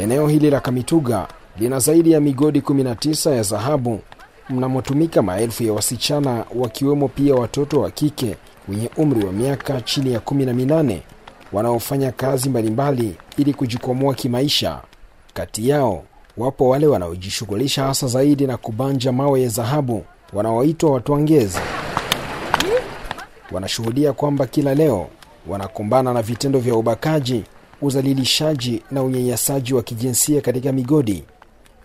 Eneo hili la Kamituga lina zaidi ya migodi 19 ya dhahabu mnamotumika maelfu ya wasichana wakiwemo pia watoto wa kike wenye umri wa miaka chini ya 18 wanaofanya kazi mbalimbali ili kujikwamua kimaisha. Kati yao wapo wale wanaojishughulisha hasa zaidi na kubanja mawe ya dhahabu wanaoitwa watwangezi. Wanashuhudia kwamba kila leo wanakumbana na vitendo vya ubakaji uzalilishaji na unyanyasaji wa kijinsia katika migodi.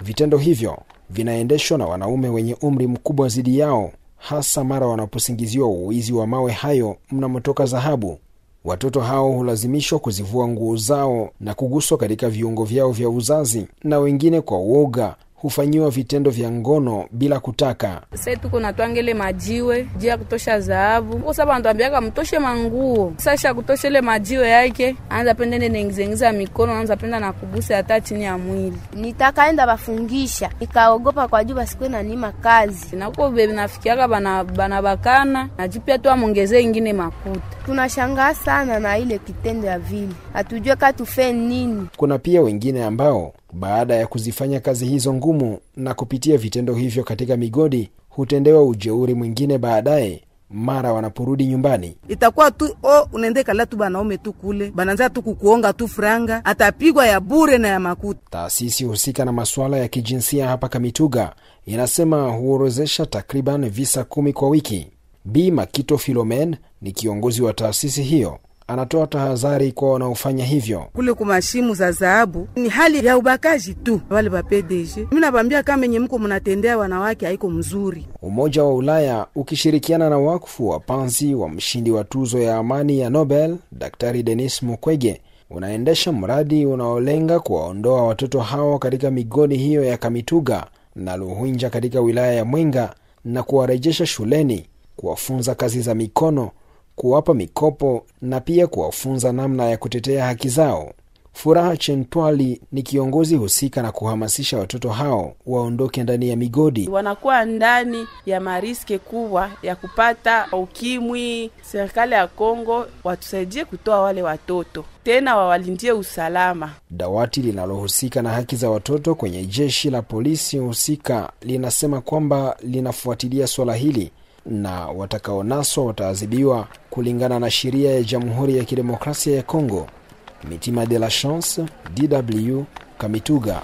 Vitendo hivyo vinaendeshwa na wanaume wenye umri mkubwa zidi yao, hasa mara wanaposingiziwa uwizi wa mawe hayo mnamotoka dhahabu. Watoto hao hulazimishwa kuzivua nguo zao na kuguswa katika viungo vyao vya uzazi, na wengine kwa uoga hufanyiwa vitendo vya ngono bila kutaka. Sasa tuko natwangele majiwe juu ya kutosha dhahabu, kwa sababu anatuambiaka mtoshe manguo. Sasa kutosha ile majiwe yake, anza penda nene nengizengiza mikono, anza penda na kugusa hata chini ya mwili. Nitakaenda bafungisha, nikaogopa kwa juu basikwe na nima kazi. Na huko bebe nafikiaka bana bana bakana, na juu pia ingine makuta. Tunashangaa sana na ile kitendo ya vile. Hatujue katufee nini. Kuna pia wengine ambao baada ya kuzifanya kazi hizo ngumu na kupitia vitendo hivyo katika migodi, hutendewa ujeuri mwingine baadaye mara wanaporudi nyumbani itakuwa tu o oh, unaende kala tu banaume tu kule bananza tu kukuonga tu franga, atapigwa ya bure na ya makuta. Taasisi husika na masuala ya kijinsia hapa Kamituga inasema huorozesha takriban visa kumi kwa wiki. b Makito Filomen ni kiongozi wa taasisi hiyo anatoa tahadhari kwa wanaofanya hivyo. Kule kumashimu za dhahabu ni hali ya ubakaji tu, wale wa PDG. Mimi nawaambia kama enye mko mnatendea wanawake haiko mzuri. Umoja wa Ulaya ukishirikiana na wakfu wa panzi wa mshindi wa tuzo ya amani ya Nobel Daktari Denis Mukwege unaendesha mradi unaolenga kuwaondoa watoto hao katika migodi hiyo ya Kamituga na Luhwinja katika wilaya ya Mwenga na kuwarejesha shuleni, kuwafunza kazi za mikono kuwapa mikopo na pia kuwafunza namna ya kutetea haki zao. Furaha Chentwali ni kiongozi husika na kuhamasisha watoto hao waondoke ndani ya migodi. Wanakuwa ndani ya mariske kubwa ya kupata ukimwi. Serikali ya Kongo watusaidie kutoa wale watoto tena, wawalindie usalama. Dawati linalohusika na haki za watoto kwenye jeshi la polisi husika linasema kwamba linafuatilia swala hili na watakaonaswa wataadhibiwa kulingana na sheria ya Jamhuri ya Kidemokrasia ya congo Mitima de la Chance, DW, Kamituga.